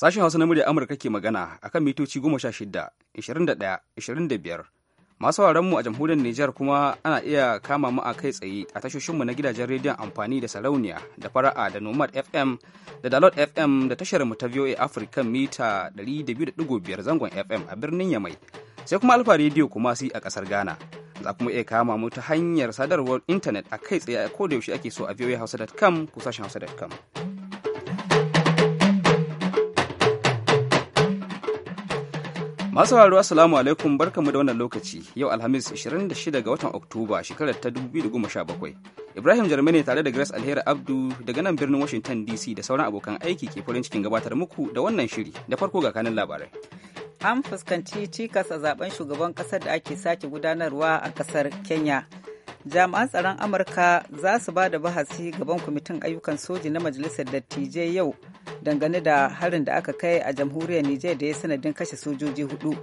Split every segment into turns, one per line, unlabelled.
Sashen Hausa na murya Amurka ke magana a kan mitoci 16, 21, 25. Masu mu a jamhuriyar Nijar kuma ana iya kama mu a kai tsaye a tashoshinmu na gidajen rediyon amfani da sarauniya da fara'a da Nomad FM da Dalot FM da tashar mu ta VOA Africa mita 200.5 zangon FM a birnin Yamai. Sai kuma Alfa rediyo kuma su a kasar Ghana. Za kuma iya kama mu ta hanyar sadarwar intanet a kai tsaye a yaushe ake so a voahausa.com ko sashen hausa.com. Masu haru Assalamu alaikum barkamu da wannan lokaci yau Alhamis 26 ga watan Oktoba shekarar ta 2017. Ibrahim Jarmai ne tare da Grace Alheri Abdu daga nan birnin Washington DC da sauran abokan aiki ke farin cikin gabatar muku da wannan shiri da farko ga kanin labarai.
An fuskanci cikas a zaben shugaban kasar da ake sake gudanarwa a kasar Kenya. Jami'an tsaron Amurka za su ba da bahasi gaban kwamitin ayyukan soji na Majalisar Dattijai yau dangane da harin da aka kai a jamhuriyar Nijar da ya sanadin kashe sojoji hudu.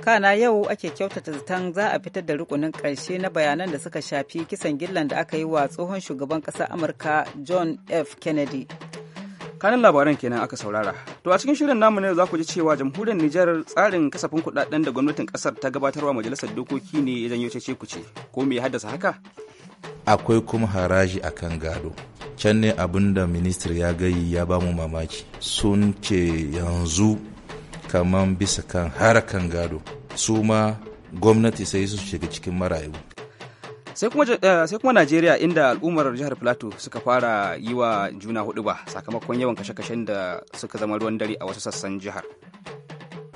Kana yau ake kyautata zaton za a fitar da rukunin ƙarshe na bayanan da suka shafi kisan gillan da aka yi wa tsohon shugaban ƙasa Amurka John F.
Kennedy. kanan labaran kenan aka saurara to a cikin shirin namu ne za ku ji cewa jamhuriyar Nijar tsarin kasafin kudaden da gwamnatin ƙasar ta gabatarwa majalisar dokoki ne ya janyo ku ce ko me ya haddasa haka
akwai kuma haraji akan gado can ne abin da ministry ya gayi ya ba mu mamaki sun ce yanzu kamar bisa kan harakan gado su ma gwamnati sai su shiga cikin marayu
sai kuma eh, najeriya inda al'ummar jihar plateau suka fara yi wa juna hudu ba sakamakon yawan kashe-kashen da suka zama ruwan dare a wasu sassan jihar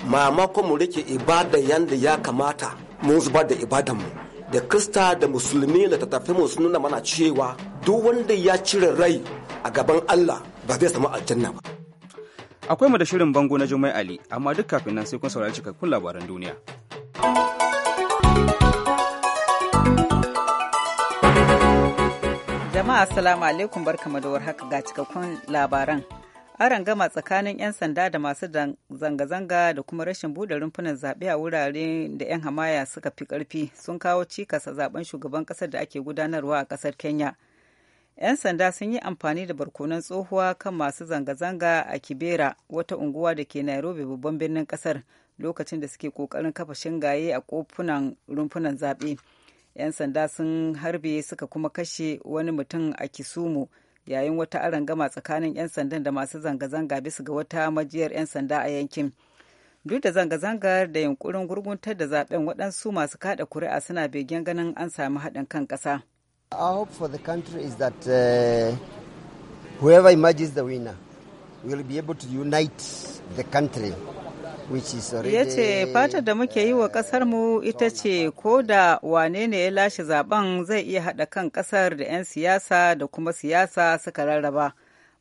mamakon mu rike ibada yadda ya kamata mun zubar da ibadanmu da krista
da musulmi da tattafi mu suna mana cewa duk wanda ya cire rai a gaban
Allah ba zai samu aljanna ba. Akwai mu da shirin bango na Jummai Ali, amma duk kafin nan sai kun saurari cikakkun labaran duniya.
Jama'a assalamu alaikum barkamu da warhaka ga cikakkun labaran. Aron gama tsakanin 'yan sanda da masu zanga-zanga da kuma rashin buɗe rumfunan zaɓe a wuraren da 'yan hamaya suka fi ƙarfi sun kawo cikas a zaben shugaban ƙasar da ake gudanarwa a ƙasar Kenya. 'Yan sanda sun yi amfani da barkonan tsohuwa kan masu zanga-zanga a Kibera, wata unguwa da ke Nairobi babban birnin kasar lokacin da suke kokarin kafa shingaye a kofunan rumfunan zaɓe. 'Yan sanda sun harbe suka kuma kashe wani mutum a Kisumu yayin wata arangama tsakanin 'yan sandan da masu zanga-zanga bisa ga wata majiyar 'yan sanda a yankin. duk da zanga-zangar da yunkurin gurguntar da zaben waɗansu masu kada kuri'a suna begen ganin an sami haɗin kan ƙasa.
Our hope for uh, to unite the country
ya ce fatar da muke yi wa mu ita ce ko da wane ne ya lashe zaben zai iya haɗa kan ƙasar da 'yan siyasa da kuma siyasa suka rarraba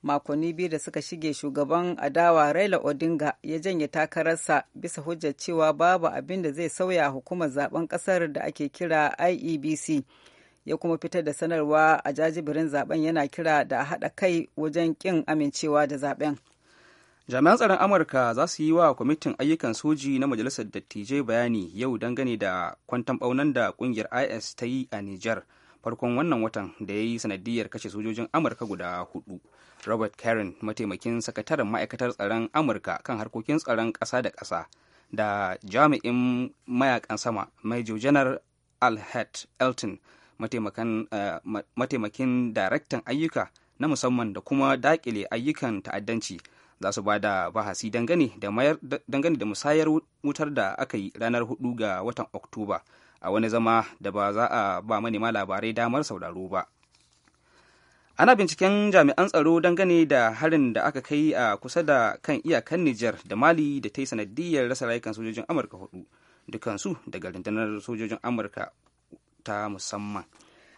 makonni biyu da suka shige shugaban adawa raila odinga ya janye takararsa bisa hujjar cewa babu abin da zai sauya hukumar zaben ƙasar da ake kira iebc ya kuma fitar da sanarwa a jajibirin zaben yana kira da haɗa kai wajen kin amincewa da zaben.
jami'an tsaron amurka za su yi wa kwamitin ayyukan soji na majalisar dattijai bayani yau dangane da kwantan ɓaunan da ƙungiyar is ta yi a niger farkon wannan watan da ya yi sanadiyar kashe sojojin amurka guda hudu robert karen mataimakin sakataren ma'aikatar tsaron amurka kan harkokin tsaron ƙasa da ƙasa da jami'in mayakan sama major janar alhat elton Eh, mataimakin daraktan ayyuka na musamman da kuma dakile ayyukan ta'addanci za su ba da bahasi dangane da musayar wutar da aka yi ranar hudu ga watan oktoba a wani zama da ba za a ba manema labarai damar sauraro ba ana binciken jami'an tsaro dangane da harin da aka kai a kusa da kan iyakan niger da mali da ta yi sanadiyar rasa rayukan sojojin amurka hudu dukansu daga rundunar sojojin amurka ta musamman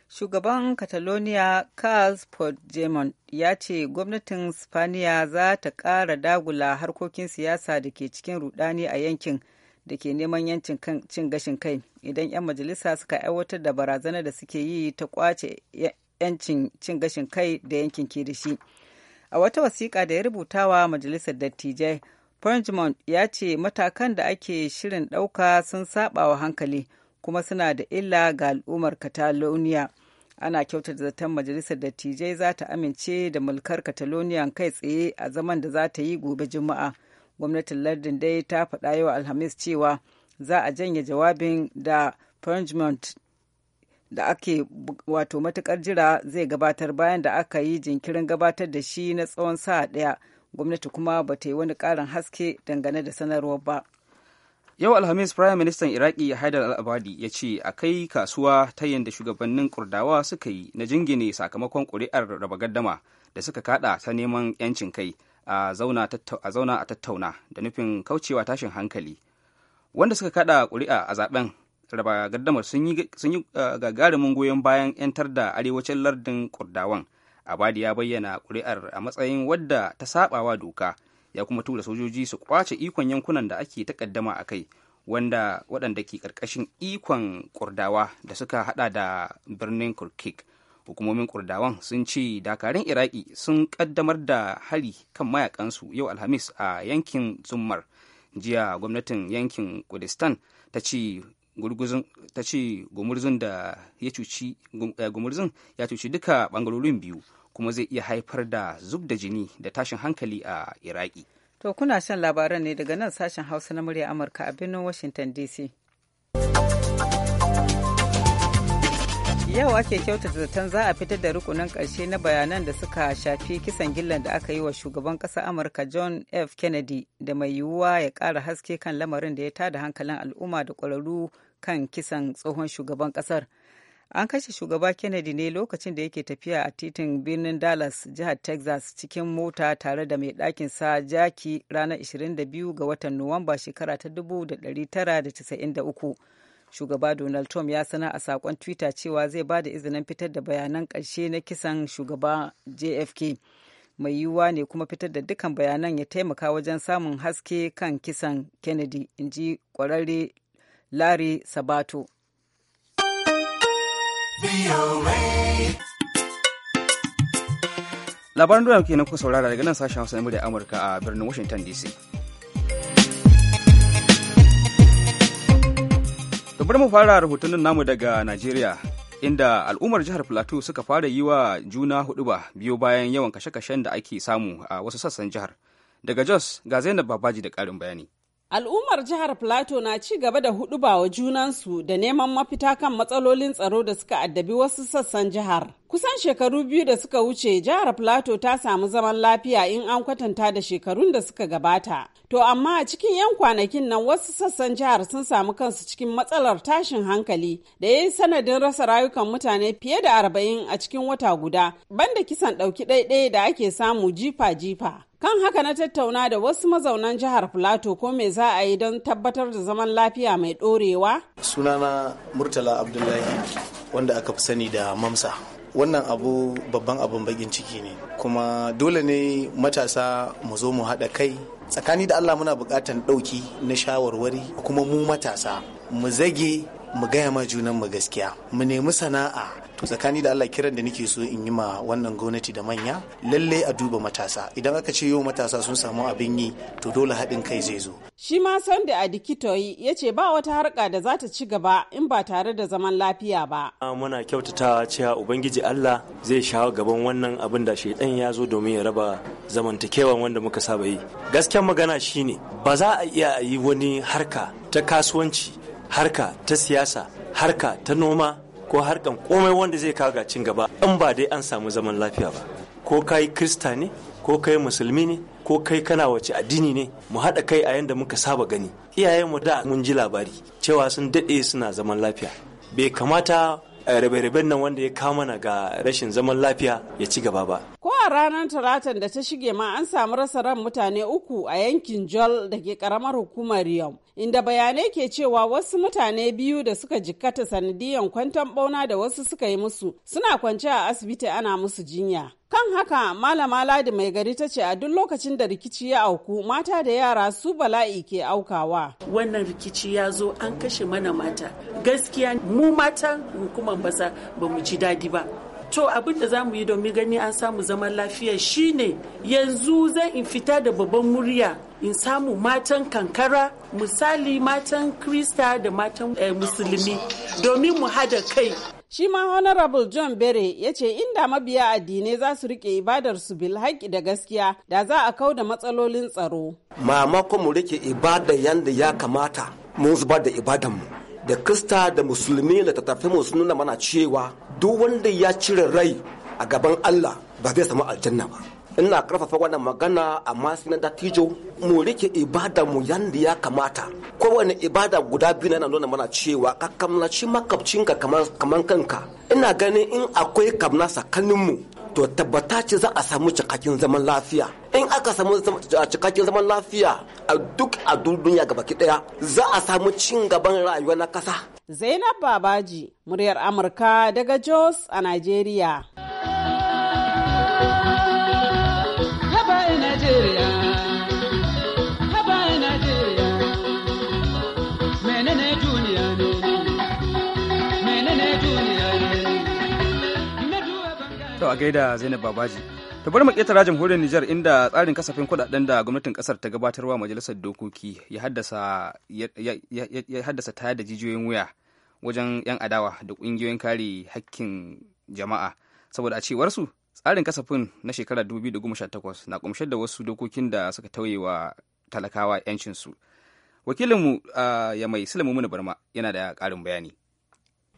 shugaban catalonia carles puigdemont ya ce
gwamnatin spaniya za ta ƙara dagula harkokin siyasa da ke cikin rudani a yankin da ke neman yancin cin gashin kai idan 'yan majalisa suka aiwatar da barazanar da suke yi ta kwace yancin cin gashin kai da yankin ke da shi a wata wasiƙa da ya rubuta wa majalisar dattijai Puigdemont ya ce matakan da ake shirin ɗauka sun saba hankali kuma suna da illa ga al'ummar catalonia ana kyautata zaton majalisar dattijai za ta amince da mulkar catalonia kai tsaye a zaman da za ta yi gobe juma'a gwamnatin lardin dai ta faɗa yau alhamis cewa za a janye jawabin da Frenchmont da ake wato matukar jira zai gabatar bayan da aka yi jinkirin gabatar da shi na tsawon sa'a ɗaya gwamnati kuma ba ta yi wani ƙarin haske dangane da sanarwar ba.
yau alhamis prime ministan iraki haidar al-abadi ya ce a kai kasuwa ta yadda shugabannin kurdawa suka yi na jingine sakamakon kuri'ar raba gaddama da suka kada ta neman yancin kai a zauna a tattauna da nufin kaucewa tashin hankali wanda suka kada kuri'a a zaben raba gaddamar sun yi eh, gagarumin goyon bayan 'yantar da arewacin lardin kurdawan abadi ya bayyana kuri'ar a matsayin wadda ta sabawa doka ya kuma tura sojoji su kwace ikon yankunan da ake takaddama a kai wanda waɗanda ke ƙarƙashin ikon kurdawa da suka hada da birnin kurkik hukumomin kurdawan sun ce dakarun iraki sun ƙaddamar da hari kan mayakansu yau alhamis a yankin zummar jiya gwamnatin yankin kudistan ta ce gumurzun da ya cuci eh, duka bangarorin biyu kuma zai iya haifar da zub da jini da tashin hankali a iraki
to kuna shan labaran ne daga nan sashen hausa na murya amurka a birnin washington dc yau ake kyautata zaton za a fitar da rukunin ƙarshe na bayanan da suka shafi kisan gillan da aka yi wa shugaban ƙasar amurka john f kennedy da mai yiwuwa ya ƙara haske kan lamarin da ya tada hankalin al'umma da ƙwararru kan kisan tsohon shugaban ƙasar an kashe shugaba kennedy ne lokacin da yake tafiya a titin birnin dallas jihar texas cikin mota tare da mai ɗakin sa jaki ranar 22 ga watan nuwamba shekara ta 1993 shugaba donald trump ya sana a sakon twitter cewa zai ba da izinin fitar da bayanan ƙarshe na kisan shugaba jfk mai yiwuwa ne kuma fitar da dukkan bayanan ya taimaka wajen samun haske kan kisan kennedy in ji kwararre larry sabato
Labaran duniya ke kuka saurara daga nan sashen Hausa na murya Amurka a birnin Washington DC. Da bari mu fara rahotannin namu daga Najeriya, inda al'ummar jihar Plateau suka fara yi wa juna huduba biyo bayan yawan kashe-kashen da ake samu a wasu sassan jihar. Daga Jos ga Zainab Babaji da ƙarin bayani.
Al'ummar jihar Plateau na ci gaba da huduba wa junansu da neman mafita kan matsalolin tsaro da suka addabi wasu sassan jihar. Kusan shekaru biyu da suka wuce jihar Plateau ta samu zaman lafiya in an kwatanta da shekarun da suka gabata. To amma a cikin 'yan kwanakin nan wasu sassan jihar sun samu kansu cikin matsalar tashin hankali da ya yi sanadin rasa rayukan mutane fiye da arba'in a cikin wata guda banda kisan ɗauki ɗaiɗaya da ake samu jifa-jifa. Kan haka na tattauna da wasu mazaunan jihar Filato ko me za a yi don tabbatar da zaman lafiya mai ɗorewa?
Sunana Murtala Abdullahi wanda aka fi sani da Mamsa. Wannan abu babban abin bakin ciki ne, kuma dole ne matasa mu zo mu haɗa kai. Tsakani da Allah muna buƙatar ɗauki na shawarwari kuma mu matasa mu zage mu gaya ma junan mu gaskiya mu nemi sana'a to tsakani da Allah kiran da nake so in yi ma wannan gwamnati da manya lalle a duba matasa idan aka ce yau matasa sun samu abin yi to dole haɗin kai zai zo
shi ma san a dikitoyi ya ce ba wata harka da za ta ci gaba in ba tare da zaman lafiya ba
ah,
muna kyautatawa cewa ubangiji Allah zai shawo gaban wannan abin da shaidan ya zo domin ya raba zamantakewan wanda muka saba yi gaskiyar magana shine ba za a iya yi wani harka ta kasuwanci harka ta siyasa harka ta noma ko harkan komai wanda zai kawo cin gaba in ba dai an samu zaman lafiya ba ko kai krista ne ko kai musulmi ne ko kai kana wace addini ne mu haɗa kai a yadda muka saba gani mu da mun ji labari cewa sun daɗe suna zaman lafiya bai kamata eh, rabe-raben nan wanda ya kawo mana ga rashin zaman lafiya ya ci gaba ba
a ranar talatan da ta shige ma an samu rasa ran mutane uku a yankin Jol da ke karamar hukumar yau inda bayanai ke cewa wasu mutane biyu da suka jikkata sanadiyan kwanton bauna da wasu suka yi musu suna kwance a asibiti ana musu jinya. Kan haka malama ladi mai gari ta ce a duk lokacin da rikici ya auku mata da yara su bala'i ke aukawa. Wannan rikici ya zo an kashe mana mata. Gaskiya mu matan hukumar basa ba mu ji daɗi ba. to abin da za mu yi domin gani an samu zaman lafiya shine yanzu zan in fita da babban murya in samu matan kankara misali matan krista da matan eh, musulmi domin mu hada kai shi ma honorable john bere ya ce inda mabiya addinai za su rike ibadar su bil haƙƙi da gaskiya da za a kau da matsalolin tsaro
mamakon mu rike ibada yanda ya kamata mun zubar da ibadanmu da krista da musulmi da tattafin mu nuna mana cewa duk wanda ya cire rai a gaban Allah ba zai samu aljanna ba ina karfafa wannan magana amma sai na dattijo mu rike ibada mu yadda ya kamata kowane ibada guda biyu na nuna mana cewa ka kamnaci makabcinka kamar kanka ina ganin in akwai kamna tsakanin mu to tabbata ce za a samu cikakken zaman lafiya in aka samu cikakken zaman lafiya a duk a duniya gabaki daya za a samu cin gaban rayuwa na kasa
zainab babaji muryar amurka daga jos a nigeria
a gaida Zainab Babaji. ta bari mu ƙetara jamhuriyar Nijar inda tsarin kasafin kuɗaɗen da gwamnatin ƙasar ta gabatarwa majalisar dokoki ya haddasa ya haddasa da jijiyoyin wuya wajen 'yan adawa da ƙungiyoyin kare hakkin jama'a saboda a cewarsu tsarin kasafin na shekarar 2018 na kumshe da wasu dokokin da suka tauye wa talakawa 'yancinsu wakilinmu ah, ya mai sulaimu barma yana da ƙarin bayani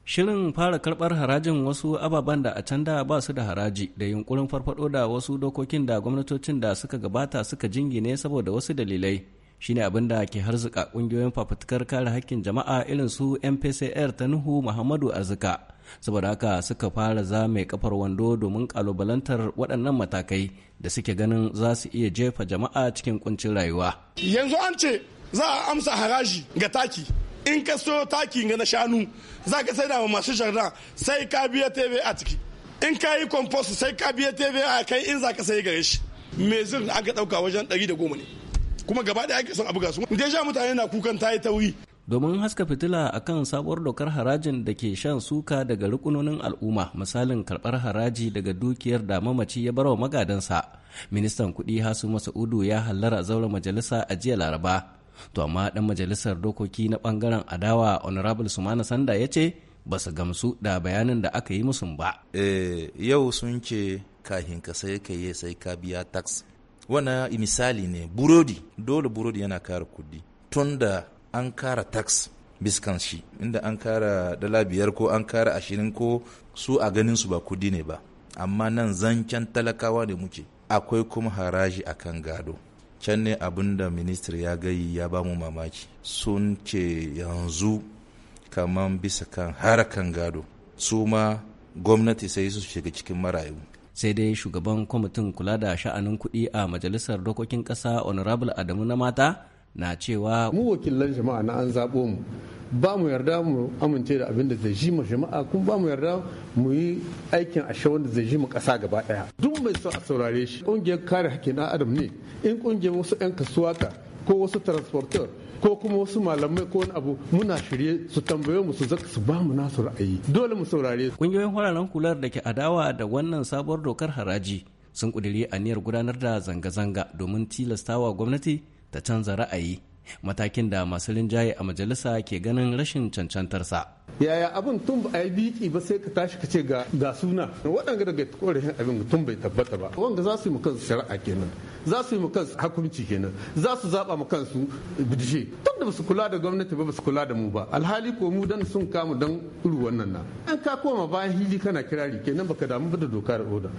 Shirin fara karɓar harajin wasu ababen da a can da ba su da haraji da yunkurin farfado da wasu dokokin da gwamnatocin da suka gabata suka jingine saboda wasu dalilai shine abin da ke harzuka ƙungiyoyin fafutukar kare hakkin jama'a irin su MPCR ta Nuhu Muhammadu Arzika. Saboda haka suka fara zame kafar wando domin kalubalantar waɗannan matakai da suke ganin za su iya jefa jama'a cikin kuncin rayuwa.
Yanzu an ce za a amsa haraji ga taki in ka so taki ga na shanu za ka sai ma masu jardin sai ka biya tv a ciki in ka yi compost sai ka biya tv a kai in za ka sai gare shi zin da aka dauka wajen 110 ne kuma gaba da ake son abu gasu deja mutane na kukan ta yi tauri
domin haska fitila akan sabuwar dokar harajin da ke shan suka daga rukunonin al'umma misalin karɓar haraji daga dukiyar da mamaci ya barawa magadansa ministan kuɗi hasu masa'udu ya hallara zauren majalisa a jiya laraba to amma dan majalisar dokoki na bangaren adawa honorable sumana sanda ya ce ba su gamsu da bayanin da aka yi musu ba eh, yau sun ce kahin ka sai ka yi sai ka biya tax wannan misali ne burodi dole burodi yana kara kudi tun da an kara tax biskan shi inda an kara dala biyar ko an kara ashirin ko su a ganin su ba kudi ne ba amma nan zancen talakawa ne muke akwai kuma haraji akan gado can ne abin da ministry ya gayi ya ba mu mamaki sun ce yanzu kamar bisa kan harakan gado su ma gwamnati sai su shiga cikin marayu sai dai shugaban kwamitin kula da sha'anin kuɗi a majalisar dokokin ƙasa honorable adamu na mata na cewa mu wakilan
jama'a na an zaɓo mu ba mu yarda mu amince da abin da zai ji mu jama'a kuma ba mu yarda mu yi aikin a ashe da zai ji mu ƙasa gaba ɗaya duk mai so a saurare shi ƙungiyar kare hakkin ɗan adam ne in ƙungiyar wasu 'yan kasuwa ka ko wasu transporter ko kuma wasu malamai ko wani abu muna shirye su tambaye mu su zaka su ba mu nasu ra'ayi dole mu saurare su
Ƙungiyoyin hularen kular da ke adawa da wannan sabuwar dokar haraji sun a aniyar gudanar da zanga-zanga domin tilastawa gwamnati ta canza ra'ayi matakin da masu linjaye a majalisa ke ganin rashin cancantarsa.
yaya abin tun ba a yi biki ba sai ka tashi ka ce ga suna waɗanda daga korafin abin tun bai tabbata ba wanda za su yi kansu shari'a kenan za su yi kansu hukunci kenan za su zaba mu kansu bidishe tun da su kula da gwamnati ba su kula da mu ba alhali ko mu dan sun kamu dan iru wannan na an ka koma bayan hili kana kirari kenan baka damu ba da doka da oda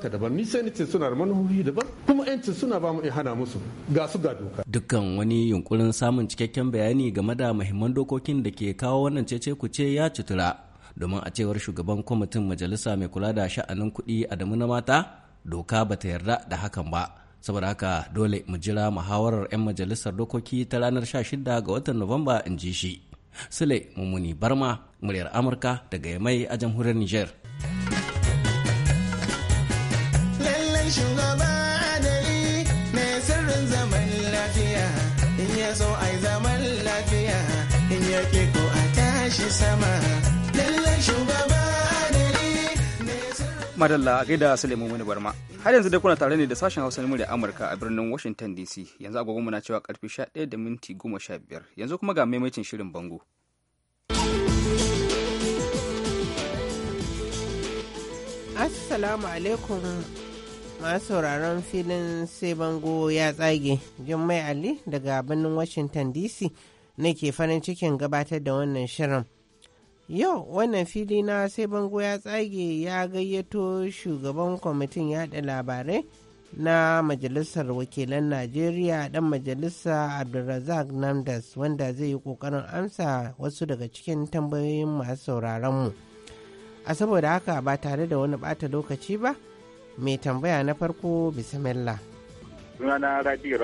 ka daban ni sai nace suna da manuhohi daban kuma yancin suna ba mu iya hana musu ga
su ga doka dukkan wani yunkurin samun cikakken bayani game da muhimman dokokin da ke kawo wannan cece ku kuce ya citura domin a cewar shugaban kwamitin majalisa mai kula da sha'anin kuɗi a damu na mata doka ba ta yarda da hakan ba saboda haka dole mu jira muhawarar 'yan majalisar dokoki ta ranar 16 ga watan novamba in ji shi sule mummuni barma muryar amurka daga yamai a jamhuriyar niger
shugaba
Madalla a gaida Sulaiman wani Barma. Har yanzu dai kuna tare ne da sashen Hausa Murya da Amurka a birnin Washington DC. Yanzu agogonmu na cewa karfe 11 da minti 15. Yanzu kuma ga maimaitin shirin bango.
Assalamu alaikum masu sauraron filin sai bango ya tsage. Jummai Ali daga birnin Washington DC nake farin cikin gabatar da wannan shirin. Yau wannan fili na sai bango ya tsage ya gayyato shugaban kwamitin yada labarai na Majalisar Wakilan Najeriya Dan majalisa Abdulrazak Namdas wanda zai yi ƙoƙarin amsa wasu daga cikin tambayoyin masu mu A saboda haka ba tare da wani bata lokaci ba, mai tambaya na farko bismillah.
Sunana Rabi'u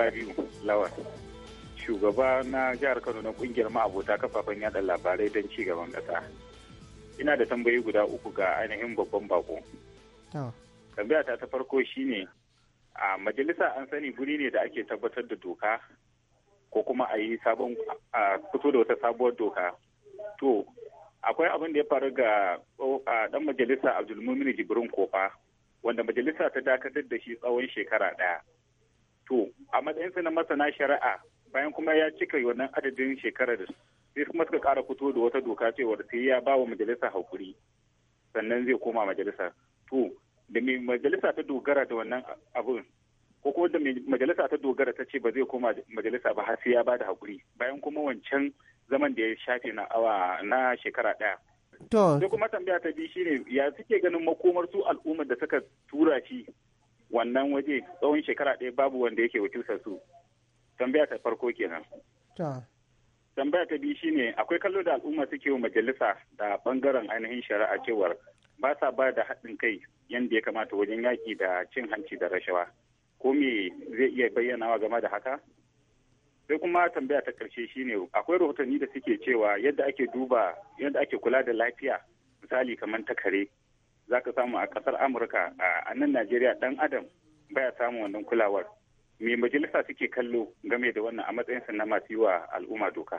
shugaba na jihar Kano na kungiyar ma'abota kafafen yada labarai don ci gaban ƙasa. Ina da tambayi guda uku ga ainihin babban bako. Tambaya ta ta farko shine a majalisa an sani guri ne da ake tabbatar da doka ko kuma a yi sabon a fito da wata sabuwar doka. To akwai abin da ya faru ga dan majalisa Abdulmumin Jibrin Kofa wanda majalisa ta dakatar da shi tsawon shekara ɗaya. To, a matsayinsa na masana shari'a bayan kuma ya cika wannan adadin shekarar sai kuma suka kara fito da wata doka da sai ya ba wa majalisa haƙuri sannan zai koma majalisa to da mai majalisa ta dogara da wannan abun ko kuma da majalisa ta dogara ta ce ba zai koma majalisa ba har sai ya ba da haƙuri bayan kuma wancan zaman da ya shafe na awa na shekara ɗaya. To. Sai kuma tambaya ta biyu shine ya suke ganin makomar su al'ummar da suka tura shi wannan waje tsawon shekara ɗaya babu wanda yake wakiltar su. tambaya ta farko kenan tambaya ta biyu shine akwai kallo da al'umma suke wa majalisa da bangaren ainihin shari'a cewar ba sa ba da haɗin kai yadda ya kamata wajen yaƙi da cin hanci da rashawa ko me zai iya bayyanawa game da haka sai kuma tambaya ta ƙarshe shine akwai rahotanni da suke cewa yadda ake duba yadda ake kula da lafiya misali kamar ta kare za ka samu a ƙasar amurka a nan najeriya ɗan adam baya samun wannan kulawar me majalisa suke kallo game da wannan a matsayinsa na masu yi wa al'umma doka.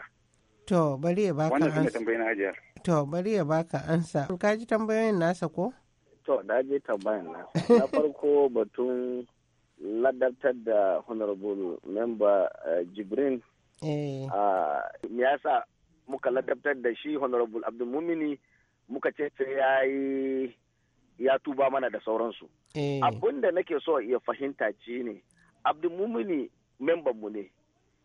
To bari ya baka ansa. Wannan tambayin hajiyar. To bari ya baka ansa. Ka ji tambayoyin nasa ko?
To da je tambayan nasa. Na farko batun ladabtar da honorable member eh, Jibrin. Eh. Ah, me yasa muka ladabtar da shi honorable Mumini muka ce sai ya yi ya tuba mana da sauransu. Eh. Abin da nake so ya fahimta ce ne. abdulmumini mu ne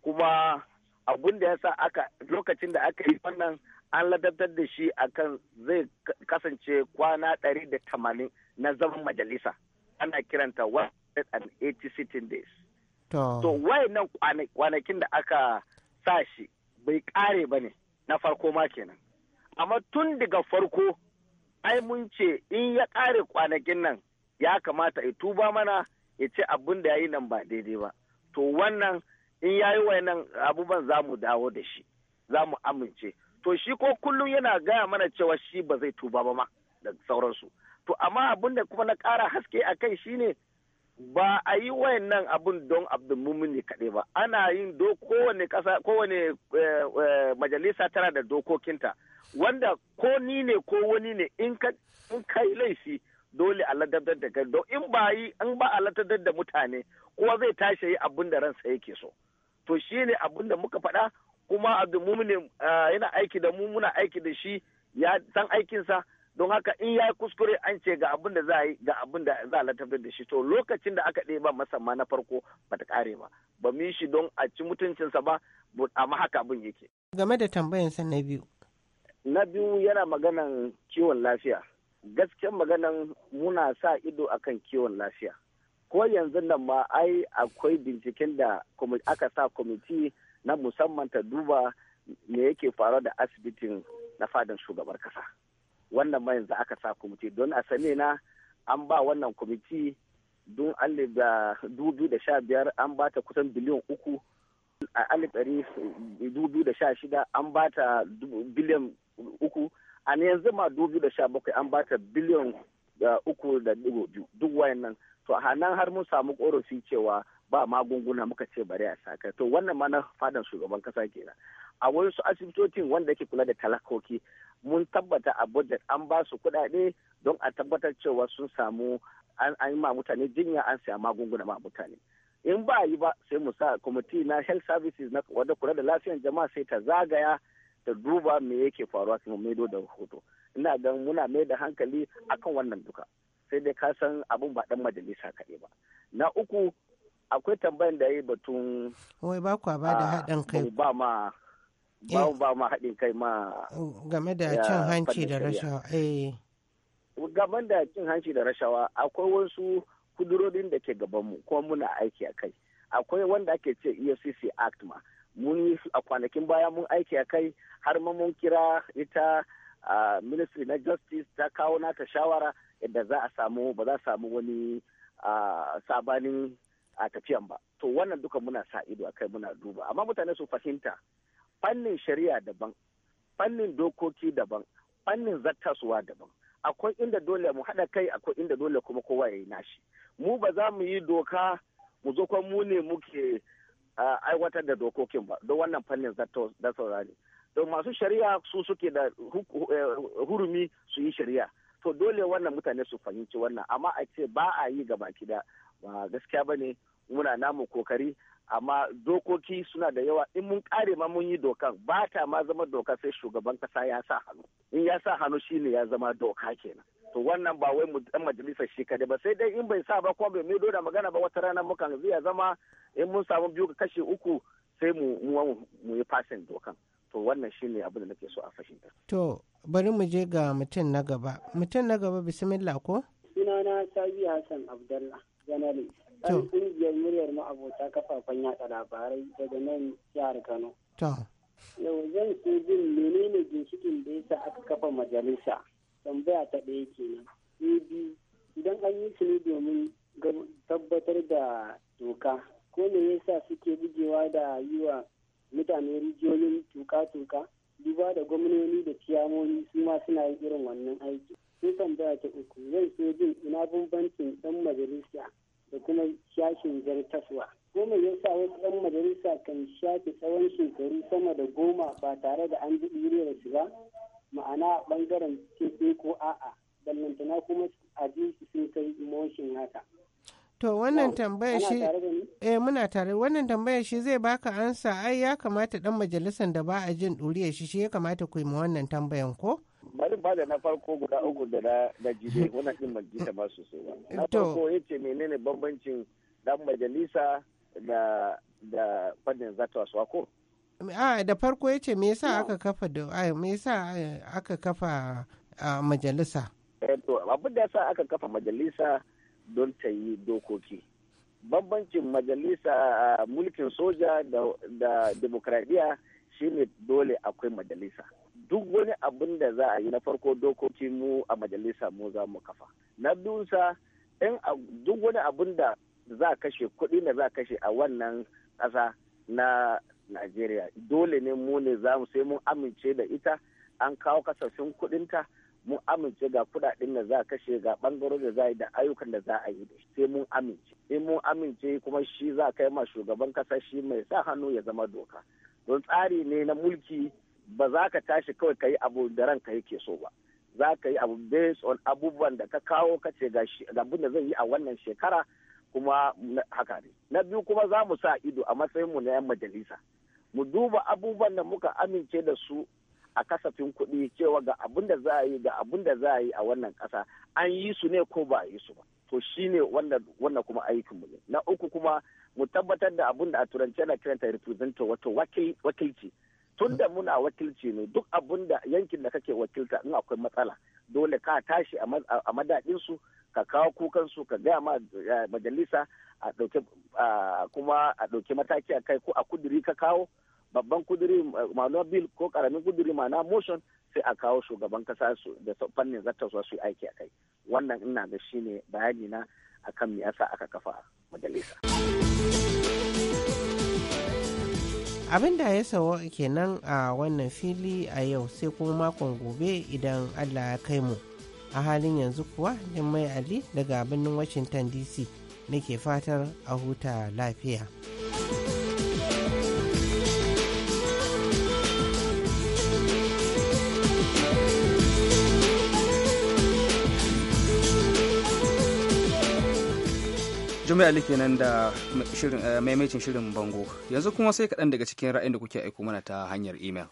kuma abun da ya sa aka lokacin da aka yi wannan an ladabtar da shi akan zai kasance kwana ɗari da tamanin na zaman majalisa ana kiranta 180 days to nan kwanakin da aka sa shi bai kare ba ne na farko ma kenan amma tun daga farko ai mun ce in ya kare kwanakin nan ya kamata ya tuba mana ya ce abin da ya yi nan ba daidai ba to wannan in ya yi wayannan abubuwan za mu dawo da shi za mu amince to shi ko kullum yana gaya mana cewa shi ba zai tuba ba ma da sauransu to amma abin da kuma na ƙara haske a kai shine ba a yi wayannan abun don abdulmumin ne kaɗai ba ana yin kowane eh, eh, majalisa tana da dokokinta wanda ko ni ne ko wani ne in ka yi laifi dole a ladabdar da gado in ba yi in ba a ladabdar da mutane kowa zai tashi yi abun da ransa yake so to shi ne abin da muka faɗa kuma abdulmumin eh, yana aiki da mu muna aiki da shi ya san aikinsa don haka in ya kuskure an ce ga abin da za yi ga abin da za a ladabdar da shi to lokacin da aka ɗeba ba masamma na farko ba ta ƙare ba ba mu yi shi don a ci mutuncinsa ba amma haka abin yake
game da tambayansa na biyu
na biyu yana maganan kiwon lafiya gasken maganan muna sa ido akan kiwon lafiya ko yanzu nan ma ai akwai binciken da aka sa kwamiti na musamman ta duba me yake faruwa da asibitin na fadin shugabar kasa wannan ma yanzu aka sa kwamiti don a sani na an ba wannan kwamiti don alif da dubu da sha biyar an ba ta kusan biliyan uku a alif dari dubu da sha shida an ba ta biliyan uku a ne yanzu ma dubu da sha bakwai an bata biliyan uku da digo biyu duk wayannan to a nan har mun samu korafi cewa ba magunguna muka ce bari a saka to wannan ma na fadan shugaban kasa kenan a wasu asibitocin wanda yake kula da talakoki mun tabbata a budget an ba su kuɗaɗe don a tabbatar cewa sun samu an yi ma mutane jinya an siya magunguna ma mutane in ba yi ba sai mu sa kwamiti na health services na wadda kula da lafiyar jama'a sai ta zagaya ta duba me yake faruwa su maido da hoto ina ga muna mai da hankali akan wannan duka sai dai ka san abun ba dan majalisa kaɗai ba na uku akwai tambayan da ya yi batun
wai ba kwa ba da ah, haɗin kai
ba ma ba eh. ba ma haɗin kai ma
game da cin hanci da rashawa eh
game da cin hanci da rashawa akwai wasu kudurorin da ke gabanmu kuma muna aiki a kai akwai wanda ake ce efcc act ma mun yi a kwanakin baya mun aiki a kai har ma mun kira ita a ministry na justice ta kawo nata shawara yadda za a samu ba za a samu wani sabanin a tafiyan ba to wannan duka muna sa ido akai muna duba amma mutane su fahimta fannin shari'a daban fannin dokoki daban fannin zattasuwa daban akwai inda dole mu haɗa kai akwai inda dole kuma kowa ya yi nashi mu ba za mu yi doka mu zo kwan mu ne muke aiwatar da dokokin ba don wannan fannin da saurari ne don masu shari'a su suke da eh, hurumi su yi shari'a to dole wannan mutane su fahimci wannan amma a ce ba a yi gaba kida ba gaskiya ba ne muna namu kokari amma dokoki suna da yawa in mun kare ma mun yi dokan ba ta ma zama doka sai shugaban kasa ya sa hannu in ya sa hannu ne ya zama doka kenan to wannan ba wai mu dan majalisar shi kadai ba sai dai in bai sa ba ko bai mai da magana ba wata rana mukan zai zama in mun samu biyu ga kashi uku sai mu mu yi fasin dokan to wannan shine abin da nake so a fahimta
to bari mu je ga mutum na gaba mutum na gaba bismillah ko
sunana Sabi hasan Abdullah janalis ɗan ƙungiyar muryar ma'abota kafafen yaɗa labarai daga nan jihar Kano. Yau zan so jin menene ginshikin da yasa aka kafa majalisa tambaya ta ɗaya kenan. Na biyu idan an yi su ne domin tabbatar da doka ko me yasa suke bugewa da yi wa mutane rijiyoyin tuka-tuka duba da gwamnoni da ciyamoni su ma suna yin irin wannan aiki. Sun tambaya ta uku zan so jin ina bambancin ɗan majalisa da kuma shashin zartaswa. Goma ya sa wasu ɗan majalisa kan shafe tsawon shekaru sama da goma ba tare da an ji su ba, ma'ana ɓangaren cikin ko a'a, ballantana kuma a su sun kai moshin haka.
To wannan tambayar shi eh muna tare wannan tambayar shi zai baka ansa ai ya kamata dan majalisar da ba a jin ɗuriyar shi shi ya kamata ku yi ma wannan tambayan ko?
bari ba da na farko guda uku da na jibe wannan din ban ta ba sosai ba na farko ya ce menene bambancin dan majalisa da da fannin zata wako
a da farko ya ce me yasa aka kafa da ai me yasa aka kafa majalisa
eh to abin da yasa aka kafa majalisa don ta yi dokoki bambancin majalisa a mulkin soja da da demokradiya shine dole akwai majalisa duk wani abin da za a yi na farko dokoki mu a majalisa mu za mu kafa na in duk wani abin da za a kashe kuɗi da za a kashe a wannan ƙasa na najeriya dole ne mu ne za mu sai mun amince da ita an kawo kasashen kuɗinta mun amince ga kuɗaɗen da za a kashe ga ɓangarorin da za a yi da ayyukan da za a yi da sai mun amince in mun amince kuma shi za a kai ma shugaban ƙasa shi mai sa hannu ya zama doka don tsari ne na mulki ba za ka tashi kawai ka yi abu da ranka yake so ba za ka yi abu based on abubuwan da ka kawo ka ce ga abin da zai yi a wannan shekara kuma haka ne na biyu kuma za mu sa ido a matsayin mu na 'yan majalisa mu duba abubuwan da muka amince da su a kasafin kuɗi cewa ga abin da za a yi ga abin da za a yi a wannan ƙasa an yi su ne ko ba a yi su ba to shine wannan kuma aikinmu ne na uku kuma mu tabbatar da abin da a turance na kiranta representative wato wakilci tun da muna wakilci ne duk abun da yankin da kake wakilta in akwai matsala dole ka tashi a madadin su ka kawo kukansu ka gaya ma eh, majalisa a dauke kuma a dauke mataki a kai ko a kuduri ka kawo babban kuduri ma'ana bill ko karamin kuduri ma'ana motion sai a kawo shugaban kasa su da fannin zartaswa su aiki a kai wannan ina ga shine bayani na akan me yasa aka kafa majalisa
abin da ya sawa kenan a wannan fili a yau sai kuma makon gobe idan allah ya kai mu a halin yanzu kuwa mai ali daga birnin washington dc nake fatar a huta lafiya.
Jami'a Ali kenan da eh, maimaitin shirin bango. Yanzu kuma sai kaɗan daga cikin ra'ayin da kuke aiko mana ta hanyar imel.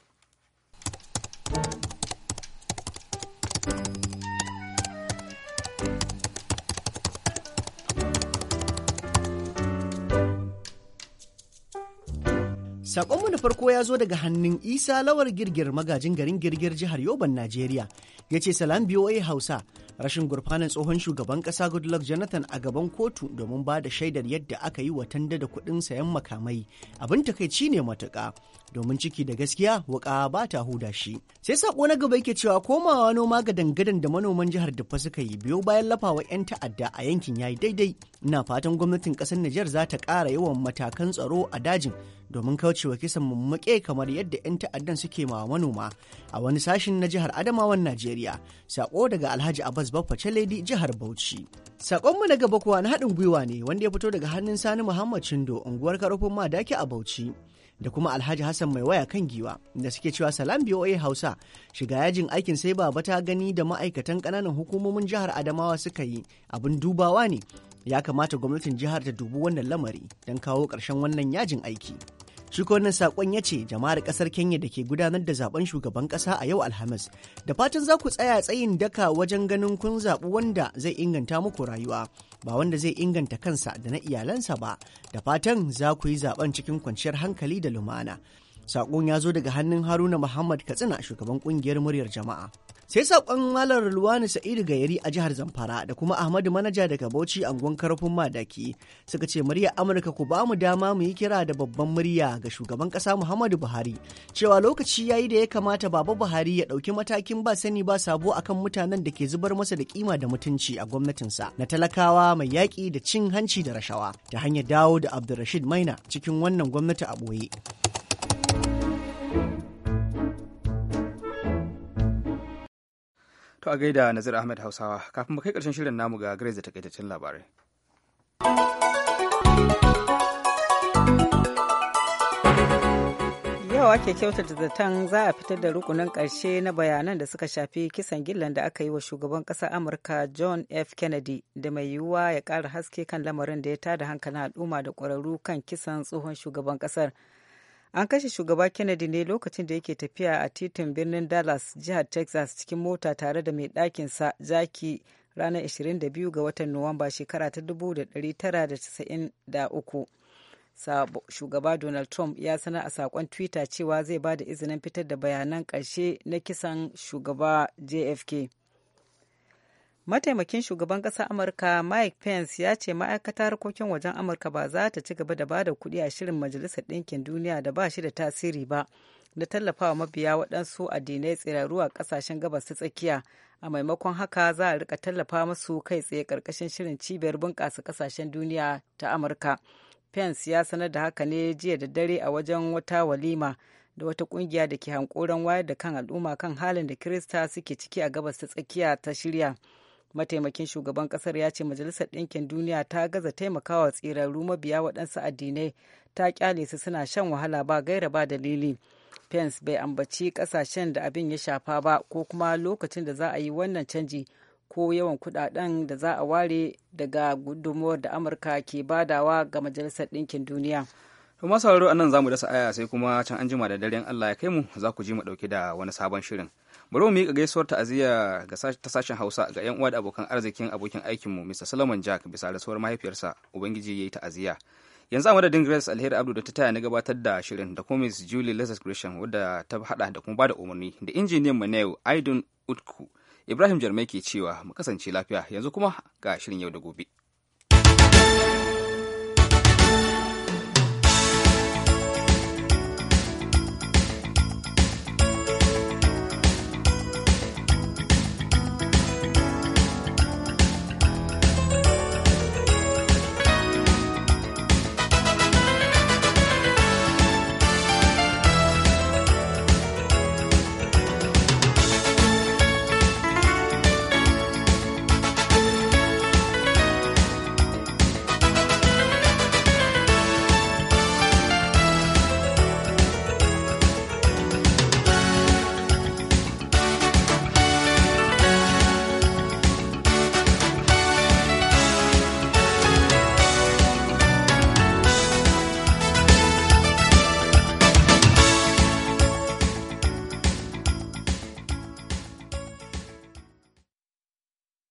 Sakonmu na farko ya zo daga hannun Isa Lawar Girgir magajin garin Girgir jihar Yoban Najeriya. Ya ce salam BOA Hausa rashin gurfanan tsohon shugaban kasa Goodluck Jonathan a gaban kotu domin ba da shaidar yadda aka yi wa da kuɗin sayan makamai abin takaici ne matuƙa domin ciki da gaskiya wuƙa ba ta huda shi. Sai sako na gaba yake cewa komawa noma ga dangadan da manoman jihar Duffa suka yi biyo bayan lafawa 'yan ta'adda a yankin yayi daidai. Ina fatan gwamnatin ƙasar Nijar za ta ƙara yawan matakan tsaro a dajin domin kaucewa kisan mummake kamar yadda 'yan ta'addan suke ma manoma a wani sashen na jihar Adamawan Najeriya. Sako daga Alhaji Abbas Baffa Chaledi jihar Bauchi. Sakonmu na gaba kuwa na haɗin gwiwa ne wanda ya fito daga hannun Sani Muhammad Chindo unguwar Karofin Madaki a Bauchi. da kuma alhaji hassan mai waya kan giwa da suke cewa salam boa hausa shiga yajin aikin sai baba ta gani da ma'aikatan kananan hukumomin jihar adamawa suka yi abin dubawa ne ya kamata gwamnatin jihar ta dubi wannan lamari don kawo ƙarshen wannan yajin aiki Shi ko sakon ya ce jama'ar ƙasar Kenya da ke gudanar da zaben shugaban ƙasa a yau Alhamis. Da fatan za ku tsaya tsayin daka wajen ganin kun zaɓi wanda zai inganta muku rayuwa, ba wanda zai inganta kansa da na iyalansa ba. Da fatan za ku yi zaben cikin kwanciyar hankali da lumana. Sakon ya zo daga hannun Haruna Muhammad Katsina shugaban ƙungiyar muryar jama'a. sai saƙon malar luwani sa'idu gayari a jihar zamfara da kuma ahmadu manaja daga bauchi angon karfin madaki suka ce murya amurka ku ba mu dama mu yi kira da babban murya ga shugaban ƙasa muhammadu buhari cewa lokaci yayi da ya kamata baba buhari ya ɗauki matakin ba sani ba sabo akan mutanen da ke zubar masa da kima da mutunci a gwamnatinsa na talakawa mai yaƙi da cin hanci da rashawa ta hanyar dawo da abdulrashid maina cikin wannan gwamnati a ɓoye
To a gaida Nazir Ahmed Hausawa kafin mu kai ƙarshen shirin namu ga Grace da takaitaccen labarai.
Yau ake da zaton za a fitar da rukunin ƙarshe na bayanan da suka shafi kisan gillan da aka yi wa shugaban ƙasar Amurka John F. Kennedy da mai yiwuwa ya ƙara haske kan lamarin da ya tada hankalin al'umma da ƙwararru kan kisan tsohon shugaban ƙasar. an kashe shugaba kennedy ne lokacin da yake tafiya a titin birnin dallas jihar texas cikin mota tare da mai ɗakinsa jaki ranar 22 ga watan nuwamba shekara ta 1993 shugaba donald trump ya sanar a sakon twitter cewa zai ba da izinin fitar da bayanan ƙarshe na kisan shugaba jfk mataimakin shugaban ƙasar amurka mike pence ya ce ma'aikata harkokin wajen amurka ba za ta ci gaba da ba da kuɗi a shirin majalisar ɗinkin duniya da ba shi da tasiri ba na tallafawa mabiya waɗansu addinai tsiraru a ƙasashen gabas ta tsakiya a maimakon haka za a rika tallafa musu kai tsaye ƙarƙashin shirin cibiyar bunƙasa ƙasashen duniya ta amurka pence ya sanar da haka ne jiya da dare a wajen wata walima da wata ƙungiya da ke hankoron wayar da kan al'umma kan halin da kirista suke ciki a gabas ta tsakiya ta shirya mataimakin shugaban kasar ya ce majalisar ɗinkin duniya ta gaza taimakawa tsirarru mabiya waɗansu addinai ta kyale su suna shan wahala ba gaira ba dalili pence bai ambaci ƙasashen da abin ya shafa ba ko kuma lokacin da za a yi wannan canji ko yawan kudaden da za a ware daga gudunmuwar da amurka ke badawa ga majalisar ɗinkin duniya
masu sauraro a nan za mu dasa aya sai kuma can anjima da daren allah ya kai mu za ku ji mu ɗauke da wani sabon shirin bari mu miƙa gaisuwar ta'aziyya ga ta sashen hausa ga yan uwa da abokan arzikin abokin aikinmu mr solomon jack bisa rasuwar mahaifiyarsa ubangiji ya yi ta'aziyya yanzu a madadin grace alheri abdu da ta taya na gabatar da shirin da kuma miss julie lezard Christian wadda ta hada da kuma bada umarni da injiniyan mu na yau aidun utku ibrahim jarmai ke cewa mu kasance lafiya yanzu kuma ga shirin yau da gobe